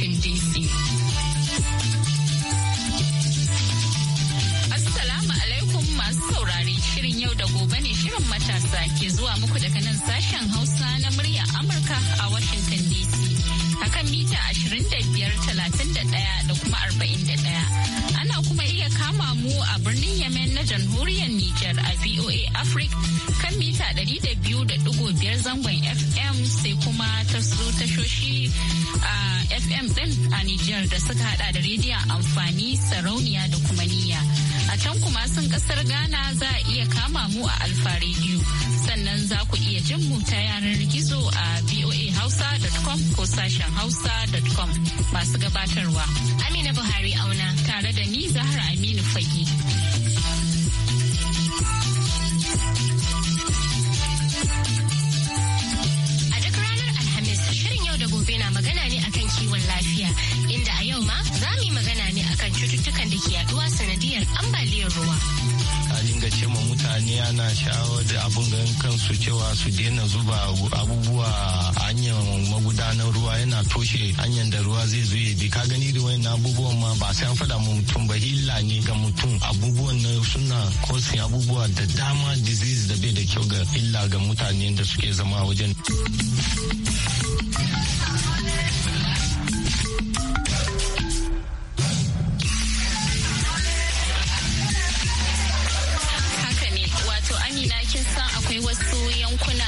Washington Assalamu alaikum masu saurari, shirin yau da gobe ne shirin matasa ke zuwa muku daga nan sashen Hausa na murya Amurka a Washington DC. Akan mita 25,31 da kuma 41. Ana kuma iya kama mu a birnin Yemen na jamhuriyar Nijar a VOA Africa kan mita 200 FM din a Nijar da suka hada da rediyo amfani sarauniya da kuma niyya. A can kuma sun kasar Ghana za a iya kama mu a Alfa Radio. Sannan za ku iya jin mu ta yanar gizo a voahausa.com ko sashen hausa.com masu gabatarwa. Amina Buhari auna tare da ni Zahra Aminu Fagi. lafiya inda a yau ma za mu yi magana ne akan cututtukan da ke yaduwa sanadiyar ambaliyar ruwa. a dinga ce ma mutane ana shawar da abin gan kansu cewa su daina zuba abubuwa a hanyar magudanar ruwa yana toshe hanyar da ruwa zai zo ya bi ka gani da wayan abubuwan ma ba sai an faɗa ma mutum ba illa ne ga mutum abubuwan na suna kosin abubuwa da dama disease da bai da kyau ga illa ga mutane da suke zama wajen.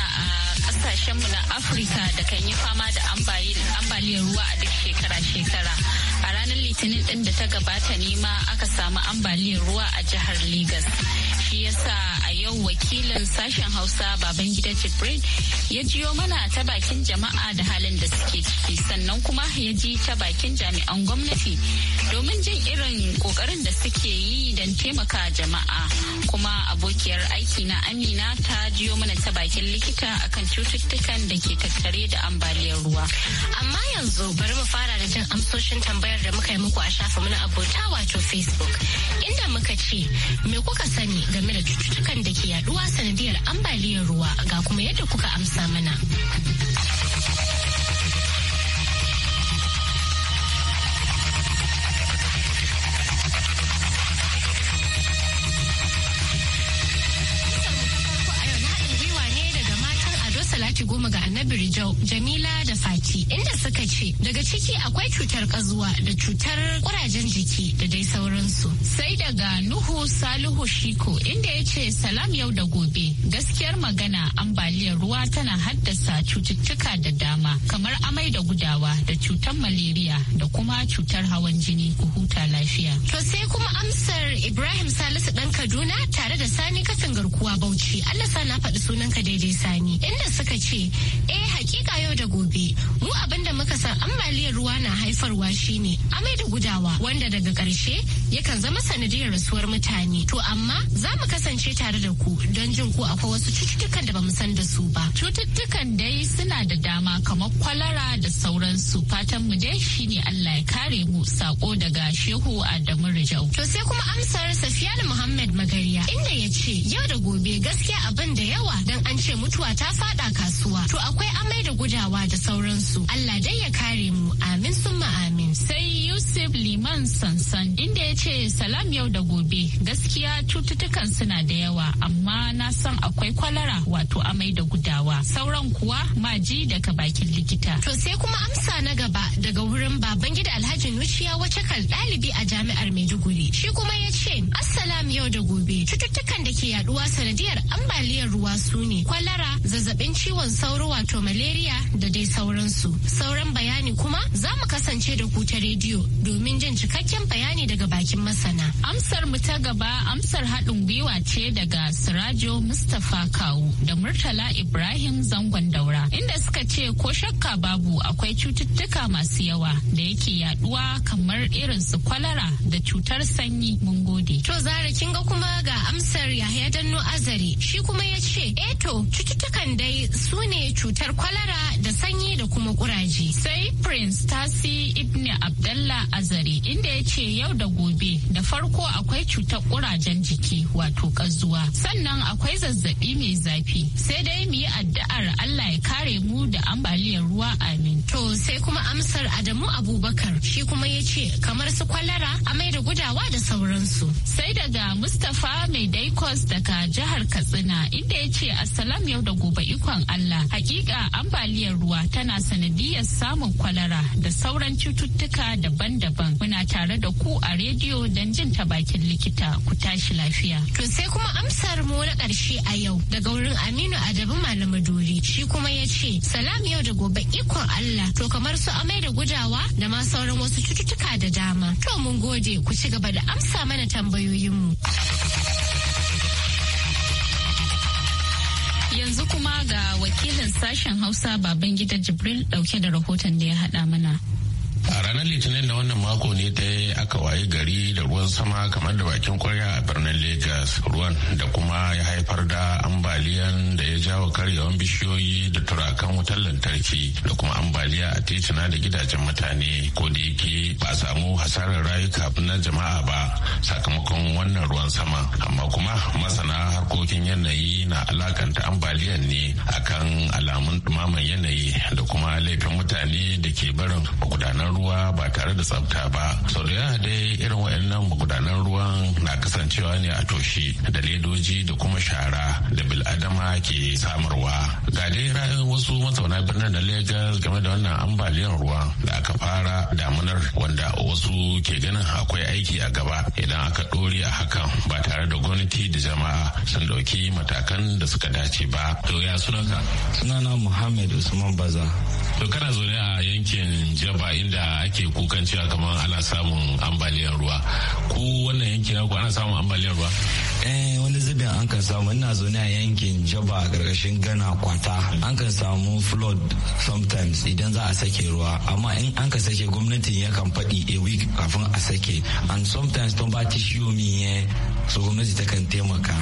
a kasashenmu na afirka da kan yi fama da ambaliyar ruwa a duk shekara-shekara a ranar litinin din da ta gabata ne ma aka samu ambaliyar ruwa a jihar Legas. Shi yasa a yau wakilin sashen Hausa baban gida Jibrin ya jiyo mana ta bakin jama'a da halin da suke ciki sannan kuma ya ji ta bakin jami'an gwamnati domin jin irin kokarin da suke yi don taimaka jama'a kuma abokiyar aiki na Amina ta jiyo mana ta bakin likita akan cututtukan da ke tattare da ambaliyar ruwa. Amma yanzu bari mu fara da jin amsoshin tambayar da muka yi muku a shafa na abota wato Facebook inda muka ce me kuka sani game da cututtukan da ke yaduwa sanadiyar ambaliyar ruwa ga kuma yadda kuka amsa mana. Jamila da Fati inda suka ce daga ciki akwai cutar kazuwa da cutar kurajen jiki da dai sauransu. Sai daga Nuhu Salihu Shiko inda ya ce salam yau da gobe gaskiyar magana ambaliyar ruwa tana haddasa cututtuka da dama kamar amai da gudawa da cutar maleriya da kuma cutar hawan jini ku huta lafiya. To sai kuma amsar Ibrahim Salisu dan Kaduna tare da Sani kasan garkuwa Bauchi. Allah sa na faɗi sunanka daidai Sani inda suka ce eh Hakika yau da gobe mu abin da muka san ambaliyar ruwa na haifarwa shine amai da gudawa wanda daga ƙarshe yakan zama sanadiyar rasuwar mutane. To amma za mu kasance tare da ku don jin ko akwai wasu cututtukan da bamu san da su ba. cututtuka. dai suna da dama kamar kwalara da sauransu fatan mu dai shine Allah ya kare mu sako daga Shehu Adamu Rijau. To sai kuma amsar Safiyanu Muhammad Magariya inda ya ce yau da gobe gaskiya abin da yawa dan an ce mutuwa ta fada kasuwa. To akwai amai da gudawa da sauransu. Allah dai ya kare mu amin summa amin. Sai Yusuf Liman Sansan inda ya ce salam yau da gobe gaskiya cututtukan suna da yawa amma na san akwai kwalara wato amai da gudawa sauran kuwa maji daga bakin likita. To sai kuma amsa na gaba daga wurin baban gida Alhaji Nuciya wace kan ɗalibi a jami'ar Maiduguri. Shi kuma ya ce Assalam yau da gobe cututtukan da ke yaduwa sanadiyar ambaliyar ruwa su ne kwalara zazzabin ciwon sauro wato malaria da dai sauransu. Sauran bayani kuma za mu kasance da ku ta rediyo domin jin cikakken bayani daga bakin masana. Amsar mu ta gaba amsar haɗin gwiwa ce daga Sirajo Mustapha Kawu da Murtala Ibrahim Zangon makon daura inda suka ce ko shakka babu akwai cututtuka masu yawa da yake yaduwa kamar irin su kwalara da cutar sanyi mun gode. To zara kin ga kuma ga amsar Yahaya Danno Azare shi kuma ya ce eto eh cututtukan dai su ne cutar kwalara da sanyi da kuma kuraje. Sai Prince Tasi Ibn Abdallah zare inda ya ce yau da gobe da farko akwai cutar kurajen jiki wato kazuwa sannan akwai zazzabi mai zafi sai dai mu yi addu'ar Allah ya kare mu da ambaliyar ruwa amin. To sai kuma amsar Adamu Abubakar shi kuma ya ce kamar su kwalara amai da gudawa da sauransu. Sai daga Mustapha Mai Daikos daga jihar Katsina inda ya ce Assalam yau da gobe ikon Allah. Hakika ambaliyar ruwa tana sanadiyar samun kwalara da sauran cututtuka daban-daban. Muna tare da ku a rediyo don jin ta bakin likita ku tashi lafiya. To sai kuma amsar mu na ƙarshe a yau daga wurin Aminu Adamu Malamadori. shi kuma ya ce salam yau da gobe ikon Allah to kamar su amai da gudawa da ma sauran wasu cututtuka da dama. To mun gode ku ci gaba da amsa mana tambayoyin mu. Yanzu kuma ga wakilin sashen Hausa Babangida Jibril dauke da rahoton da ya haɗa mana. a ranar litinin da wannan mako ne ta aka waye gari da ruwan sama kamar da bakin kwarya a birnin lagos ruwan da kuma ya haifar da ambaliyan da ya jawo karyawan bishiyoyi da turakan wutar lantarki da kuma ambaliya a titina da gidajen mutane ko da yake ba a samu hasarar rayuka na jama'a ba sakamakon wannan ruwan sama amma kuma masana harkokin yanayi na alakanta ambaliyan ne akan alamun dumaman yanayi da kuma laifin mutane da ke barin gudanar ruwa ba tare da tsafta ba sau da yawa dai irin waɗannan magudanan ruwan na kasancewa ne a toshi da ledoji da kuma shara da bil'adama ke samarwa ga dai ra'ayin wasu mazauna birnin da lagos game da wannan ambaliyar ruwa da aka fara damunar wanda wasu ke ganin akwai aiki a gaba idan aka ɗore a hakan ba tare da gwamnati da jama'a sun ɗauki matakan da suka dace ba to ya sunanka sunana muhammad usman baza To kana zaune a yankin Jaba inda ake kukan cewa kamar ana samun ambaliyar ruwa. Ku wannan yankin ku ana samun ambaliyar ruwa? Eh wani zubin an kan samu ina zaune a yankin Jaba a ƙarƙashin Ghana kwata. An kan samu flood sometimes idan za a sake ruwa amma in an ka sake gwamnatin yakan faɗi a week kafin a sake and sometimes tun ba ta shiyo min so gwamnati ta kan taimaka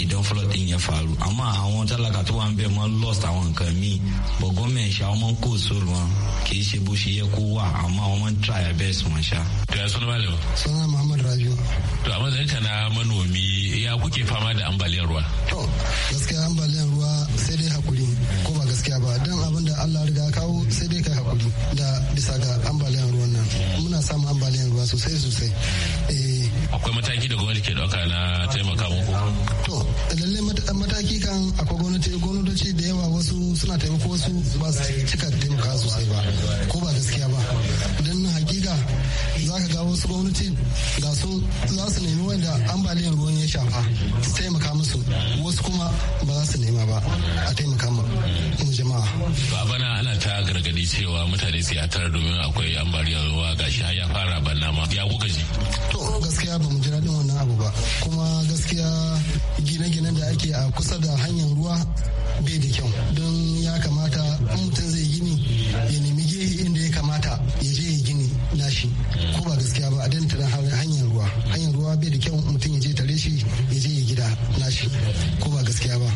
idan flood din ya faru amma àwọn talaka tó an ń man lost àwọn nǹkan mi but gọọmenti ṣe àwọn kò sóòrò wọn kì í ṣe bó ṣe yẹ kó wà àmọ́ àwọn máa try their best wọn ṣá. to ya suna malam. suna muhammadu rajo. to a matsayinka na manomi ya kuke fama da ambaliyar ruwa. to gaskiya ambaliyar ruwa sai dai hakuri ko ba gaskiya ba dan abin da allah riga kawo sai dai kai hakuri da bisa ga ambaliyar ruwan nan muna samun ambaliyar ruwa sosai sosai. Eh, akwai mataki da gwamnati ke dauka na taimaka muku to lalle mataki kan akwai gwamnati ce da yawa wasu suna taimako wasu ba su cika taimaka sosai ba ko ba gaskiya ba don wasu gwamnati ga su za su nemi wanda ambaliyar ruwan ya shafa su taimaka musu wasu kuma ba za su nema ba a taimaka mu jama'a. Ba ana ta gargadi cewa mutane su tara domin akwai ambaliyar ruwa ga shi ya fara banna ma ya kuka ji. To gaskiya ba mu ji daɗin wannan abu ba kuma gaskiya gine-ginen da ake a kusa da hanyar ruwa bai da kyau don ya kamata mutum zai gini ya nemi gehe da kyau mutum ya je tare shi ya je ya gida nashi ko ba gaskiya ba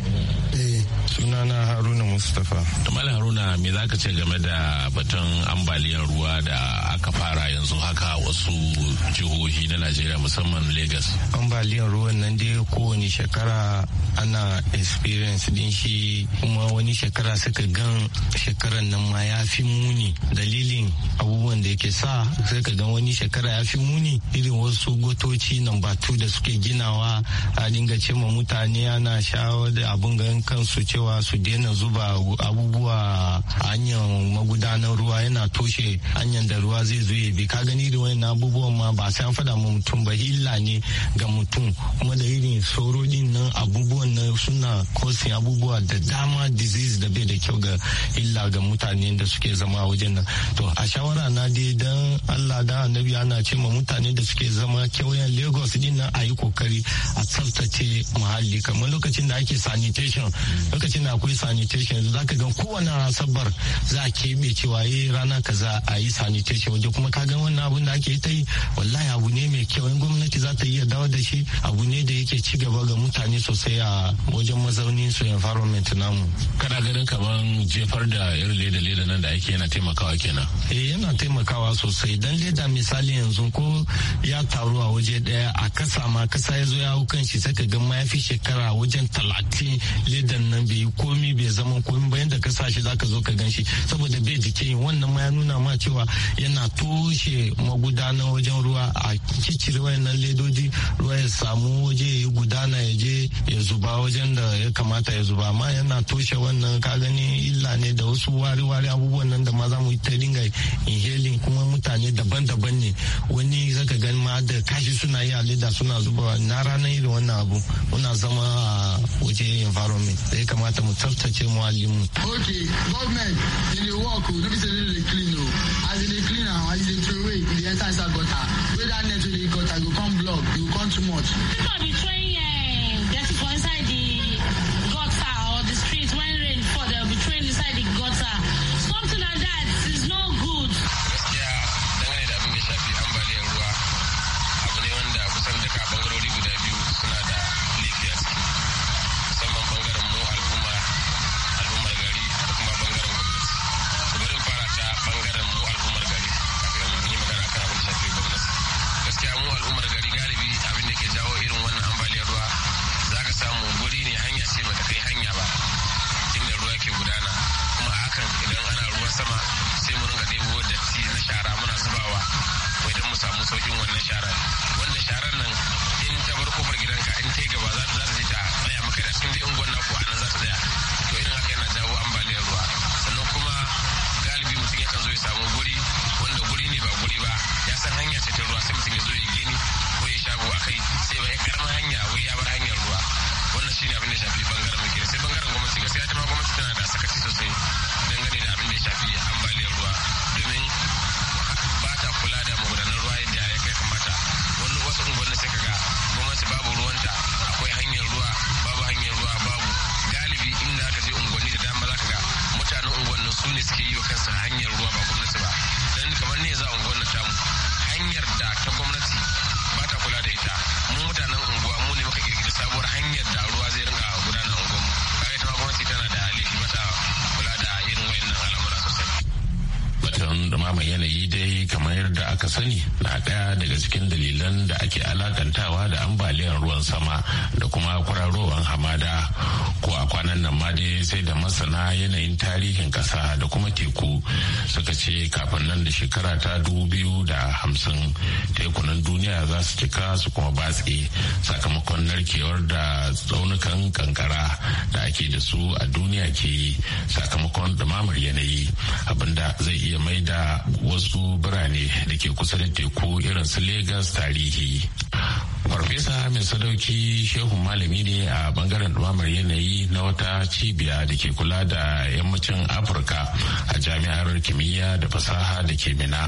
sunana haruna mustapha malam haruna me za ka ce game da batun ambaliyar ruwa da aka fara yanzu haka wasu jihohi na najeriya musamman lagos ambaliyar ruwan nan dai kowane shekara ana experience din shi kuma wani shekara suka gan shekaran nan ma ya fi muni dalilin abubuwan da yake sa suka gan wani shekara ya fi muni irin wasu gotoci nan batu da suke ginawa a dinga ce mutane ana shawo da abin gan kansu cewa cewa su daina zuba abubuwa hanyar magudanar ruwa yana toshe hanyar da ruwa zai zo bi ka gani da wani abubuwan ma ba sai an faɗa ma mutum ba illa ne ga mutum kuma da irin sauro din nan abubuwan nan suna kosin abubuwa da dama disease da bai da kyau ga illa ga mutane da suke zama a wajen nan to a shawara na dai dan Allah da annabi ana ce ma mutane da suke zama kewayen Lagos din nan a yi kokari a tsaftace muhalli kamar lokacin da ake sanitation lokacin da akwai sanitation yanzu zaka ga kowane asabar za a keɓe cewa yi eh, rana kaza a yi sanitation waje kuma ka ga wannan abun da ake ta yi wallahi abu ne mai kyau in gwamnati za ta iya dawo da shi abu ne da yake ci gaba ga mutane sosai a wajen mazaunin su environment namu. Kana ganin kaman jefar da irin leda leda nan da ake yana taimakawa kenan. Eh yana taimakawa sosai dan leda misali yanzu ko ya taru a waje daya a kasa ma kasa ya zo ya hau kan shi sai ka ga ma ya fi shekara wajen talatin ledan nan bi. yi komi bai zama komi ba yadda ka sa shi zaka zo ka gan shi saboda bai jikin wannan ma ya nuna ma cewa yana toshe magudanar wajen ruwa a kicire wayannan ledoji ruwa ya samu waje ya yi gudana ya je ya zuba wajen da ya kamata ya zuba amma yana toshe wannan ka gani illa ne da wasu wari-wari abubuwan nan da ma za mu yi ta dinga inhaling kuma mutane daban-daban ne wani zaka gani ma da kashi suna yi a leda suna zubawa na ranar irin wannan abu muna zama a waje environment da ya kamata kamata mu tsaftace muhallin mu okay government in dey work no be say dey clean o as dem dey clean am as dem dey throw away e dey enter inside gutter wey that net wey dey gutter go come block e go come too much. people be throwing suke yi wa kansu hanyar ruwa ba gwamnati ba don kamar ne za a aka sani na ɗaya daga cikin dalilan da ake alakantawa da ambaliyar ruwan sama da kuma kwararowar hamada ko a kwanan nan ma dai sai da masana yanayin tarihin ƙasa da kuma teku suka ce kafin nan da shekara ta dubu biyu da hamsin tekunan duniya za su cika su kuma batse sakamakon narkewar da tsaunukan kankara da ake da su a duniya ke sakamakon ɗumamar yanayi abinda zai iya mai da wasu birane da ke kusa da teku irin su Legas tarihi. farfesa mai sadauki shehu malami ne a bangaren dumamar yanayi na wata cibiya da ke kula da yammacin afirka a jami'ar kimiyya da fasaha da ke mina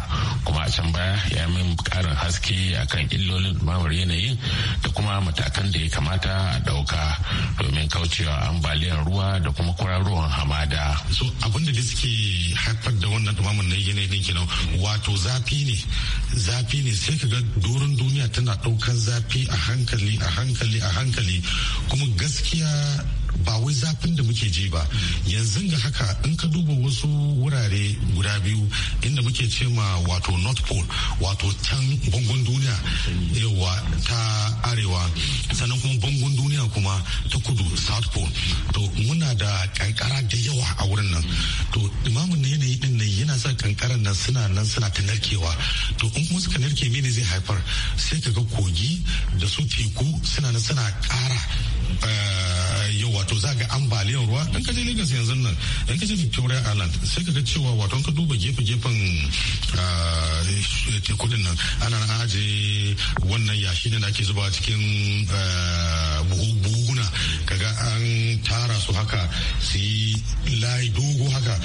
kuma a can baya ya min karin haske akan illolin dumamar yanayi da kuma matakan da ya kamata a ɗauka domin kaucewa ambaliyar ruwa da kuma kwararruwan hamada so abinda da suke haifar da wannan dumamar yanayin kenan wato zafi ne zafi ne sai ka ga doron duniya tana daukan zafi a hankali a hankali a hankali kuma gaskiya ba wai zafin da muke ji ba yanzu ga haka in ka duba wasu wurare guda biyu inda muke ce ma wato north pole wato can bangon duniya yawa ta arewa sannan kuma bangon duniya kuma ta kudu south pole to muna da kankara da yawa a wurin nan to imamun na yanayi din nan yana sa kankaran nan suna nan suna ta narkewa to in kuma suka narke mene zai haifar sai ka ga kogi da su teku suna nan suna kara eh, yau wato za ga ambaliyar ruwa in ka je Lagos yanzu nan in ka je Victoria Island sai ka ga cewa wato ka duba gefe-gefen ah, tekudin nan ana aje wannan yashi da ake zuba cikin ah, buhu tara su haka su yi layi dogo haka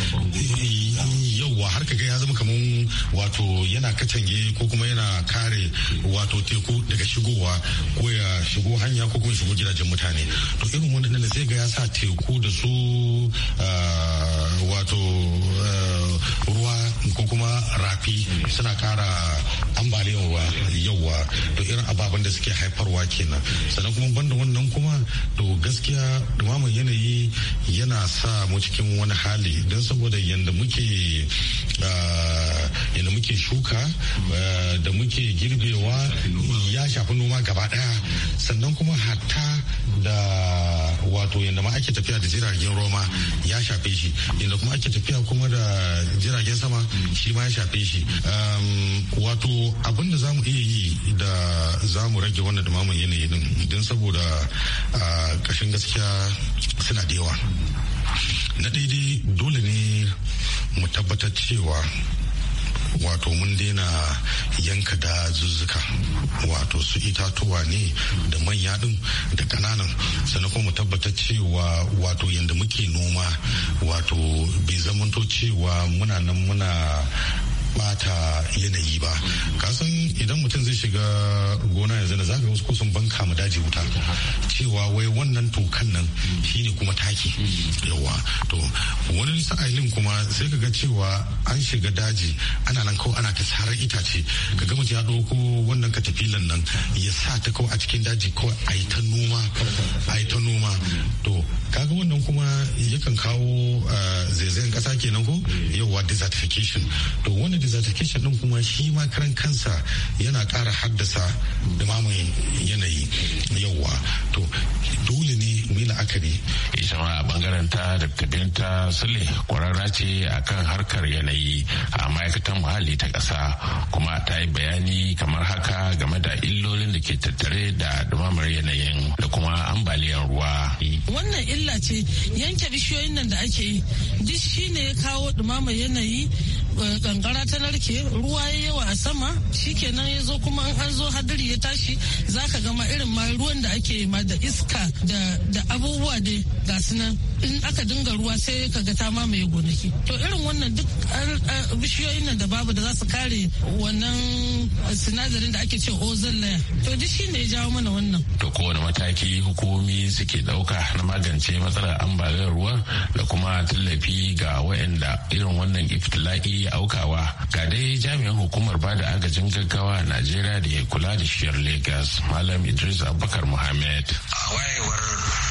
yauwa har ga ya zama kamar wato yana katange ko kuma yana kare wato teku daga shigowa ko ya shigo hanya ko kuma shigo gidajen mutane to irin wanda ne zai ga ya sa teku da su ah, wato ah, ruwa ko kuma rafi suna kara ambaliyan yauwa to irin ababen da suke haifarwa kenan sannan kuma banda wannan kuma to gaskiya dumaman yanayi yana sa mu cikin wani hali don saboda yadda muke ah, yadda muke shuka ah, da muke girbewa ya shafi noma gaba daya sannan kuma hatta da wato yadda ma ake tafiya da jiragen roma ya shafe shi yadda kuma ake tafiya kuma da jiragen sama shi ma ya shafe shi wato abin da za mu iya yi da za mu rage wannan dumamin yanayi din don saboda kashin gaskiya suna da yawa na daidai dole ne mu tabbatar cewa wato mun daina yanka da zuzzuka wato su itatuwa ne da manya din da kananan sannan kuma mu tabbatar cewa wato yadda muke noma wato bai zamanto cewa muna nan muna bata yanayi ba kasan idan mutum zai shiga gona yanzu da zaga wasu kusan banka mu daji wuta cewa wai wannan tokan nan ne kuma taki yawa to wani sa'ilin kuma sai ka ga cewa an shiga daji ana nan kawai ana ta sarar itace ka ga mutum ya ɗauko wannan katafilan nan ya sa ta kawai a cikin daji kawai a yi ta noma a yi ta noma to kaga wannan kuma yakan kawo eh, zaizayen kasa kenan ko yawa desertification to wannan desertification din kuma shi ma karan kansa yana ƙara haddasa dumamin yanayi yawa to dole ne mu yi la'akari ita a bangaren ta da binta sule kwararra ce a kan harkar yanayi a ma'aikatan muhalli ta ƙasa kuma ta yi bayani kamar haka game da illolin da ke tattare da dumamar yanayin da kuma ambaliyar ruwa wannan illa ce yanke bishiyoyin nan da ake yi duk shi ne ya kawo dumamar yanayi kankara eh, ta narke ruwa ya yawa a sama shikenan ya zo kuma an zo hadari ya tashi zaka gama irin ma ruwan da ake ma da iska da abubuwa dai ga sunan in aka dinga ruwa sai ka ga ta mamaye gonaki to irin wannan duk bishiyoyin nan da babu da za su kare wannan sinadarin da ake ce ozon layer to duk shi ne ya jawo mana wannan to kowane mataki hukumi suke dauka na magance matsalar ambaliyar ruwa da kuma tallafi ga waɗanda irin wannan iftila'i ya aukawa ga dai jami'an hukumar bada agajin gaggawa a najeriya da ya kula da shiyar lagos malam idris abubakar muhammed. a wayewar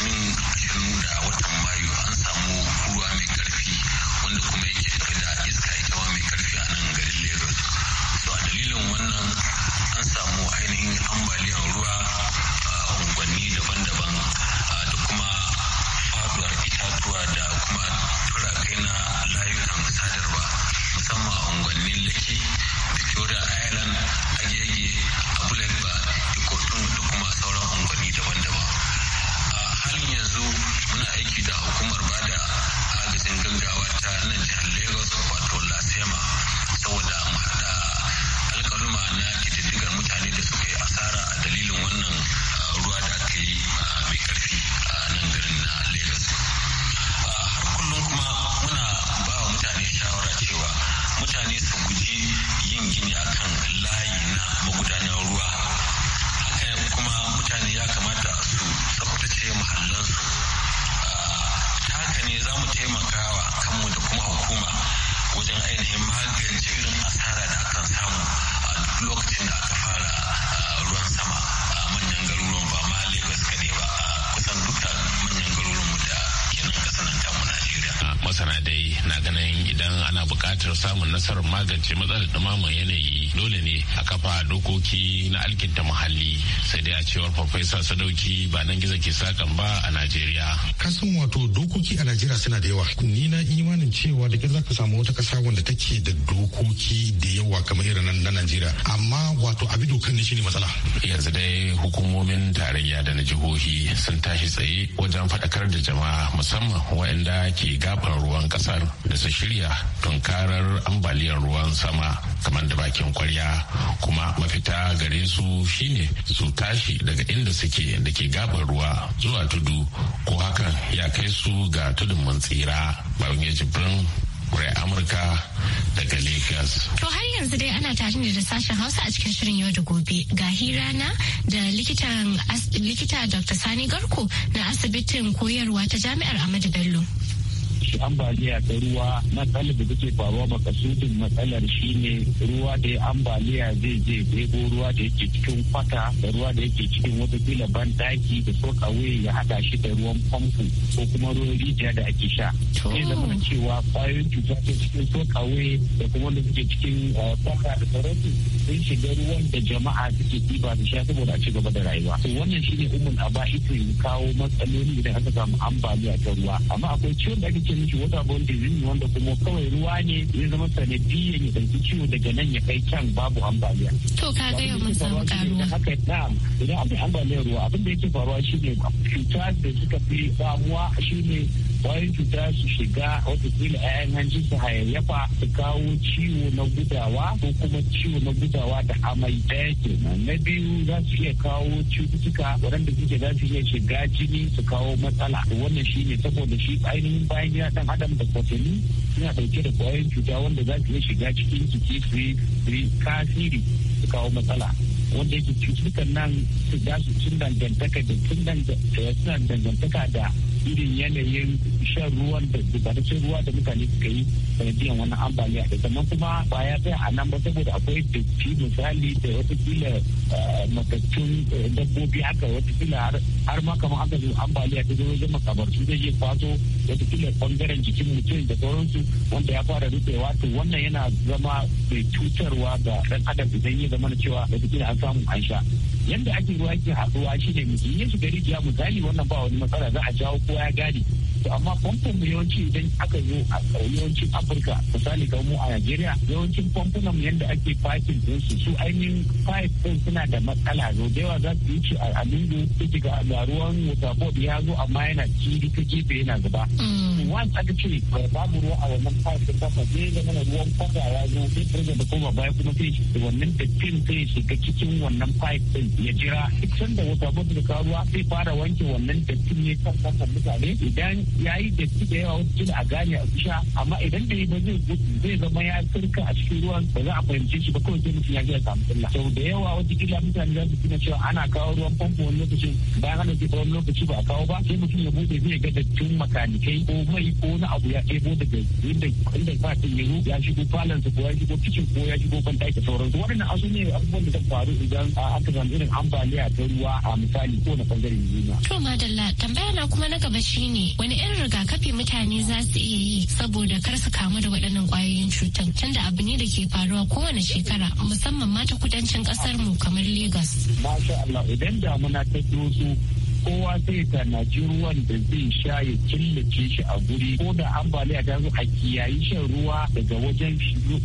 domin yanzu da watan mayu an samu ruwa mai karfi wanda kuma yake tafi da iska ita ma mai karfi a nan garin lagos so a dalilin wannan an samu ainihin ambaliyar ruwa a unguwanni daban-daban da kuma faduwar itatuwa da kuma turakai na layukan sadarwa musamman yi na ganin idan ana buƙatar samun nasarar magance matsalar ɗumamar yanayi dole ne a kafa dokoki na alkinta muhalli sai dai a cewar farfesa sadauki ba nan gizo ke sakan ba a najeriya kasan wato dokoki a najeriya suna da yawa ni na imanin cewa da za ka samu wata ƙasa wanda take da dokoki da yawa kamar irin nan na najeriya amma wato abi dokan ne shine matsala yanzu dai hukumomin tarayya da na jihohi sun tashi tsaye wajen faɗakar da jama'a musamman waɗanda ke gaban ruwan ƙasa kasar da su shirya tunkarar ambaliyar ruwan sama kamar da bakin kwarya kuma mafita gare su shine su tashi daga inda suke da ke gabar ruwa zuwa tudu ko hakan ya kai su ga tudun mun tsira babin ya jibrin murai Amurka daga Lagos. To har yanzu dai ana tare ne da sashen Hausa a cikin shirin yau da gobe ga hira na da likita Dr. Sani Garko na asibitin koyarwa ta Jami'ar Ahmadu Bello. shi ambaliya ta ruwa matsalar da take faruwa makasudin matsalar shine ruwa da ya ambaliya zai je ɗebo ruwa da yake cikin kwata da ruwa da yake cikin wata kila ban daki da so kawai ya hada shi da ruwan famfo ko kuma ruwan rijiya da ake sha. Zai zama cewa kwayoyin cuta ke cikin so kawai da kuma wanda suke cikin eh, kwata da sauransu sun shiga ruwan da jama'a suke ɗiba da sha saboda a ci gaba da rayuwa. To wannan shine umun ba ita kawo matsaloli idan aka samu ambaliya ta ruwa. Amma akwai ciwon da ake sunan shi wata bone disease wanda kuma kawai ruwa ne ya zama sanadiyya ya ɗauki ciwo daga nan ya kai can babu ambaliya. To ka ga yau mun samu karuwa. Haka ta idan aka ambaliyar ruwa abin da yake faruwa shine cuta da suka fi damuwa shine kwayoyin cuta su shiga wata watakila yan hanji su hayayyafa su kawo ciwo na gudawa ko kuma ciwo na gudawa da amai ɗaya kenan na biyu za su iya kawo cututtuka waɗanda suke za su iya shiga jini su kawo matsala wannan shi ne saboda shi ainihin bayan gida ɗan adam da kwatanni suna ɗauke da kwayoyin cuta wanda za su iya shiga cikin jiki su yi kasiri su kawo matsala wanda yake cututtukan nan su za su cin dangantaka da cin dangantaka da irin yanayin shan ruwan da da ruwa da mutane suka yi sanadiyan wannan ambaliya da sannan kuma baya ya a nan ba saboda akwai datti misali da kila eh, matattun eh, dabbobi haka kila har ma kamar aka zo ambaliya ta zama kamar su zai iya kwaso kila bangaren jikin mutum da sauransu wanda ya fara rufewa to wannan yana zama mai cutarwa ga ɗan adam idan ya zama na cewa kila an samu an sha yadda ake ruwa ake haɗuwa shi ne mutum ya shiga rijiya misali wannan ba wani matsala za a jawo kowa ya gane amma famfon mu yawanci idan aka zo a yawancin afirka misali ga mu a nigeria yawancin famfunan mu yadda ake fakin dinsu su ainihin fayif din suna da matsala zo da yawa za su yi ci a lungu su ga ruwan waterboard ya zo amma yana ciri ta gefe yana zuba wan mm. aka ce babu ruwa a wannan fayif din kafa zai zama na ruwan kwata ya zo sai ta da koma baya kuma sai wannan dattin sai shiga cikin wannan fayif din ya jira duk sanda waterboard da karuwa sai fara wanke wannan dattin ne kan kasan mutane idan ya yi datti da yawa wasu a gane a bisha amma idan da yi ba zai zama ya karka a cikin ruwan ba za a fahimci shi ba kawai sai mutum ya ji ya illa sau da yawa wata kila mutane za su tuna cewa ana kawo ruwan famfo wani lokacin bayan hana ke wani lokaci ba a kawo ba sai mutum ya bude zai ga dattin makanikai ko mai ko na abu ya ɗebo daga inda inda ba ta yi ya shigo falansa ko ya shigo kicin ko ya shigo ban ɗaki wani waɗannan asu ne abubuwan da zan faru idan aka samu irin ambaliya ta ruwa a misali ko na ɓangaren juna. to madalla tambaya na kuma na gaba shine wani irin rigakafi mutane za su iya yi saboda kar su kamu da waɗannan ƙwayoyin cutar tunda abu ne da ke faruwa kowane shekara musamman ma ta kudancin ƙasar mu kamar Legas. Masha Allah idan damuna ta wasu kowa sai tanaji ruwan da zai sha ya killace shi a guri ko da ambaliya ta zo a kiyayi shan ruwa daga wajen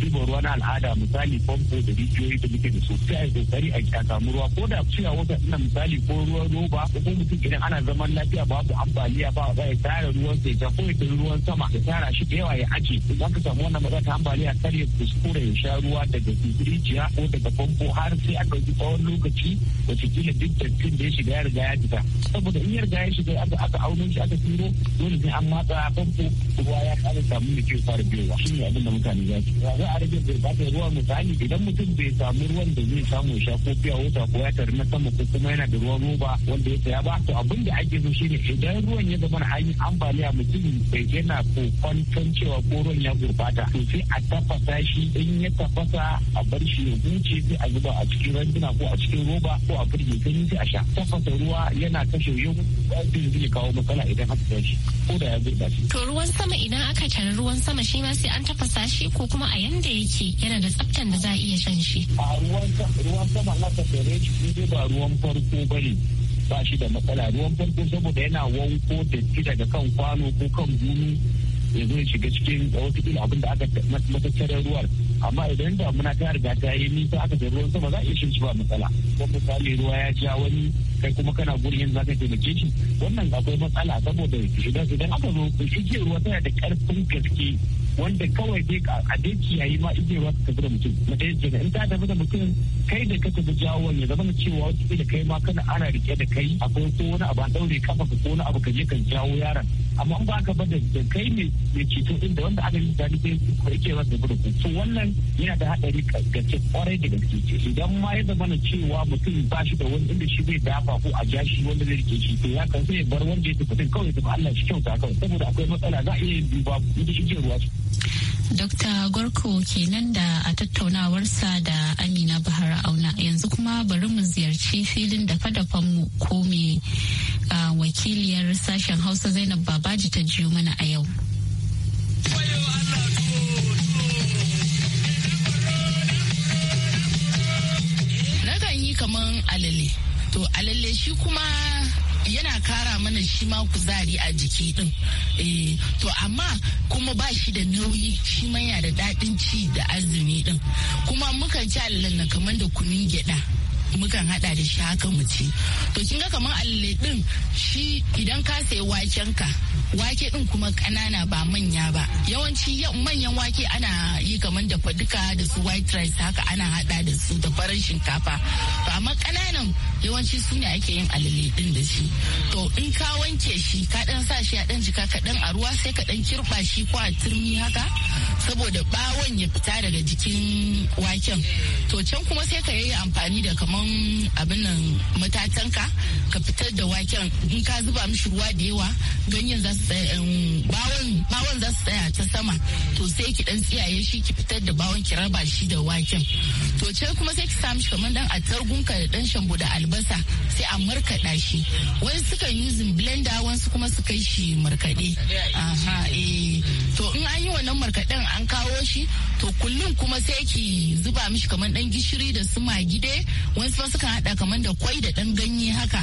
ɗiban ruwa na al'ada misali famfo da rijiyoyi da muke da su sai a yi kokari a samu ruwa ko da cewa wata ina misali ko ruwan roba ko mutum idan ana zaman lafiya babu ambaliya ba za ya tara ruwan sai ta koyi ruwan sama ya tara shi da yawa ya ko za ka samu wannan matsala ta ambaliya kar ya kuskure ya sha ruwa daga rijiya ko daga famfo har sai aka yi tsawon lokaci wacce kila duk dattin da ya shiga ya riga ya fita saboda in yarda ya shiga aka aka aure shi aka turo dole sai an matsa famfo ruwa ya kare samu da ke fara biyowa shi ne abin da mutane za su za a rage gurbatar ruwa misali idan mutum bai samu ruwan da zai samu ya sha ko fiya wata ko ya tare na sama ko kuma yana da ruwan roba wanda ya saya ba to abin da ake so shine idan ruwan ya zama an yi ambaliya mutum bai yana kokon cewa ko ruwan ya gurbata to sai a tafasa shi in ya tafasa a bar shi ya huce sai a zuba a cikin rantuna ko a cikin roba ko a firge sai a sha tafasa ruwa yana kashe yau abin zai kawo matsala idan haka ya ko da ya gurɓace. To ruwan sama idan aka tara ruwan sama shi ma sai an tafasa shi ko kuma a yanda yake yana da tsaftan da za a iya shan shi. A ruwan sama na tafere shi dai ba ruwan farko ba ne ba shi da matsala ruwan farko saboda yana wanko da daga kan kwano ko kan bunu ya zo shiga cikin wata abin da aka matattarar ruwan amma idan da muna ta harga ta yi nisa aka da ruwan sama za a iya shi ba matsala ko misali ruwa ya ja wani kai kuma kana guri yanzu zaka taimake shi wannan akwai matsala saboda idan idan aka zo ruwa tana da karfin gaske wanda kawai dai a dai kiyaye ma ije ruwa ka tafi da mutum na ɗaya kenan in ta tafi da mutum kai da ka tafi jawo ya zama cewa wata da kai ma kana ana rike da kai akwai ko wani abu an ɗaure kafa ko wani abu ka je kan jawo yaron amma ba ka ba da kai ne da ceto din da wanda aka yi da duk wanda da burbu to wannan yana da hadari gaske kwarai da gaske idan ma ya zama na cewa mutum ba shi da wani inda shi zai dafa ko a ja shi wanda zai rike shi to ya kan sai bar wanda ya tafi kawai tafi Allah shi kyauta kawai saboda akwai matsala za a iya yin duba inda shi ke ruwa Dokta Gorko kenan da a tattaunawarsa da Amina Bahar Auna yanzu kuma bari mu ziyarci filin da mu ko me wakiliyar sashen Hausa Zainab Babaji ta jiyo mana a yau. Na kan yi kamar alale, to alale shi kuma yana kara mana shi ma kuzari a jiki din eh, to amma kuma ba shi da nauyi shi ma yana da daɗin ci da azumi din kuma mukan ci allan kamar da kunun gyaɗa mukan hada da shi haka mu ci to kin ga kamar alale din shi idan ka sayi waken ka wake din kuma kanana ba manya ba yawanci manyan wake ana yi kamar da faduka da su white rice haka ana hada da su da farin shinkafa to amma kananan yawanci su ne ake yin alale din da shi to in ka wanke shi ka dan sa shi a dan jika ka dan a ruwa sai ka dan kirba shi ko a turmi haka saboda bawon ya fita daga jikin waken to can kuma sai ka yi amfani da kamar dan abin nan matatanka ka fitar da waken in ka zuba mishi ruwa da yawa ganyen za su tsaya um, bawon bawon za su tsaya ta sama to sai ki dan tsiyaye shi ki fitar da bawon ki raba shi da waken to ce kuma sai ki samu shi kamar dan ka da dan shambo da albasa sai a markaɗa shi wai suka using blender wasu kuma su kai shi markaɗe aha eh to in an yi wannan markaɗen an kawo shi to kullum kuma sai ki zuba mishi kamar dan gishiri da su magide wasu fa suka hada kamar da kwai da dan ganye haka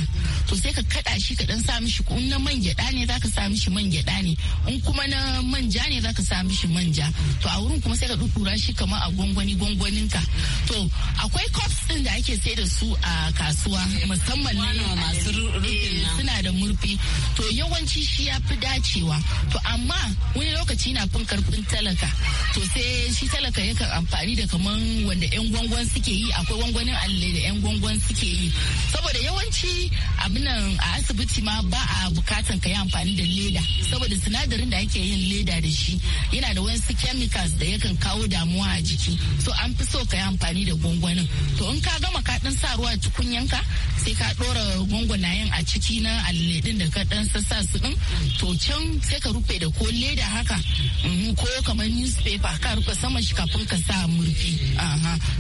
to sai ka kada shi ka dan sa mishi in na man gyada ne zaka sa mishi man gyada ne in kuma na manja ne zaka sa mishi manja to a wurin kuma sai ka dudura shi kamar a gwangwani gwangwanin ka to akwai cups din da ake sai da su a kasuwa musamman na masu rufin eh, suna da murfi to yawanci shi ya fi dacewa to amma wani lokaci na fin karfin talaka to sai shi talaka yakan amfani da kaman wanda yan gwangwan suke yi akwai gwangwanin alle da yan kayan gwangwan suke yi saboda yawanci abin nan a asibiti ma ba a bukatan ka yi amfani da leda saboda sinadarin da ake yin leda da shi yana da wasu chemicals da yakan kawo damuwa a jiki so an fi so ka yi amfani da gwangwanin to in ka gama ka dan sa ruwa tukunyanka sai ka dora gwangwanayen a ciki na alledin da ka dan sassa su din to can sai ka rufe da ko leda haka mhm, ko kamar newspaper ka rufe sama shi kafin ka sa murfi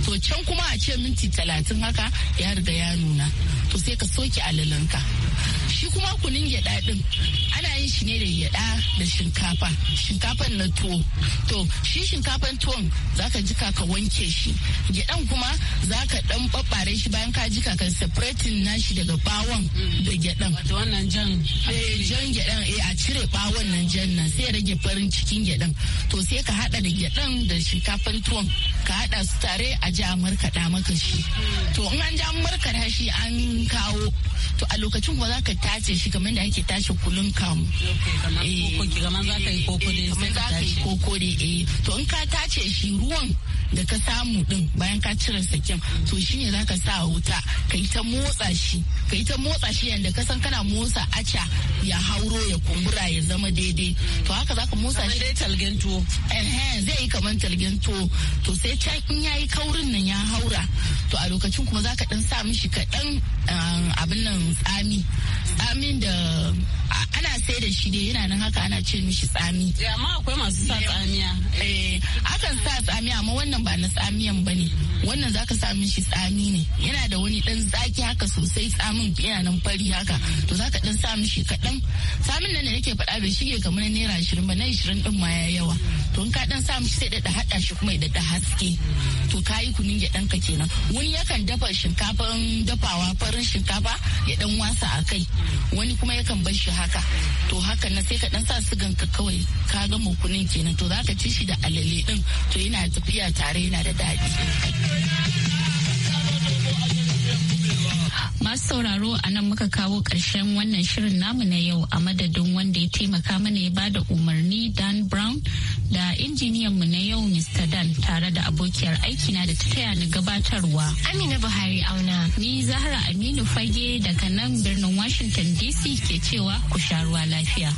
to can kuma a ce minti talatin haka ka ya riga ya nuna to sai ka soke alalanka shi kuma kunun gyaɗa ɗin ana yin shi ne da gyaɗa da shinkafa shinkafan na tuwo to shi shinkafan tuwon za ka jika ka wanke shi gyaɗan kuma za ka ɗan ɓaɓɓare shi bayan ka jika ka separating nashi daga ɓawon da gyaɗan wato wannan jan eh, jan gyaɗan eh a cire ɓawon nan jan nan sai rage farin cikin gyaɗan to sai ka haɗa da gyaɗan da shinkafan tuwon ka haɗa su tare a ji a markaɗa maka shi hmm. to in an ja markaɗa shi an kawo to a lokacin kuma zaka ta tace shi kamar da ake tace kulun kamu. Eh, kamar za ka yi eh, Kamar eh. To in ka tace shi ruwan da ka samu din bayan ka cire sakin to shine za ka sa wuta ka yi ta motsa shi ka yi ta motsa shi yadda ka san kana motsa aca ya hauro ya kumbura ya zama daidai to haka za ka motsa shi. Kamar talgen tuwo. zai yi kamar talgen tuwo to sai can in ya yi kaurin nan ya haura to a lokacin kuma za ka dan sa mishi kaɗan ah, abin nan tsami tsamin da ana sai da shi dai yana nan haka ana ce mishi tsami eh, amma akwai masu sa tsamiya eh akan sa tsamiya amma wannan ba na tsamiyan ne wannan zaka sa shi tsami ne yana da wani dan zaki haka sosai tsamin yana nan fari haka to zaka dan sa mishi kadan tsamin nan da nake faɗa bai shige kamar naira ashirin ba na ashirin din ma ya yawa to in ka dan sa mishi sai da haɗa shi kuma da haske to ka kayi kunun ɗan ka kenan wani yakan dafa shinkafa dafawa farin shinkafa ya ɗan wasa a kai wani kuma yakan bar shi haka to haka na sai ka dan sa sigan ka kawai ka ga mukunin kenan to zaka ci shi da alale din to yana tafiya tare yana da dadi. sauraro a nan muka kawo ƙarshen wannan shirin namu na yau a madadin wanda ya taimaka mana ya bada umarni Dan Brown da injiniyan mu na yau Mr. Dan tare da abokiyar aikina da ta taya ni gabatarwa. Amina Buhari auna. Ni Zahra Aminu Fage daga nan birnin Washington DC ke cewa ku sha ruwa lafiya.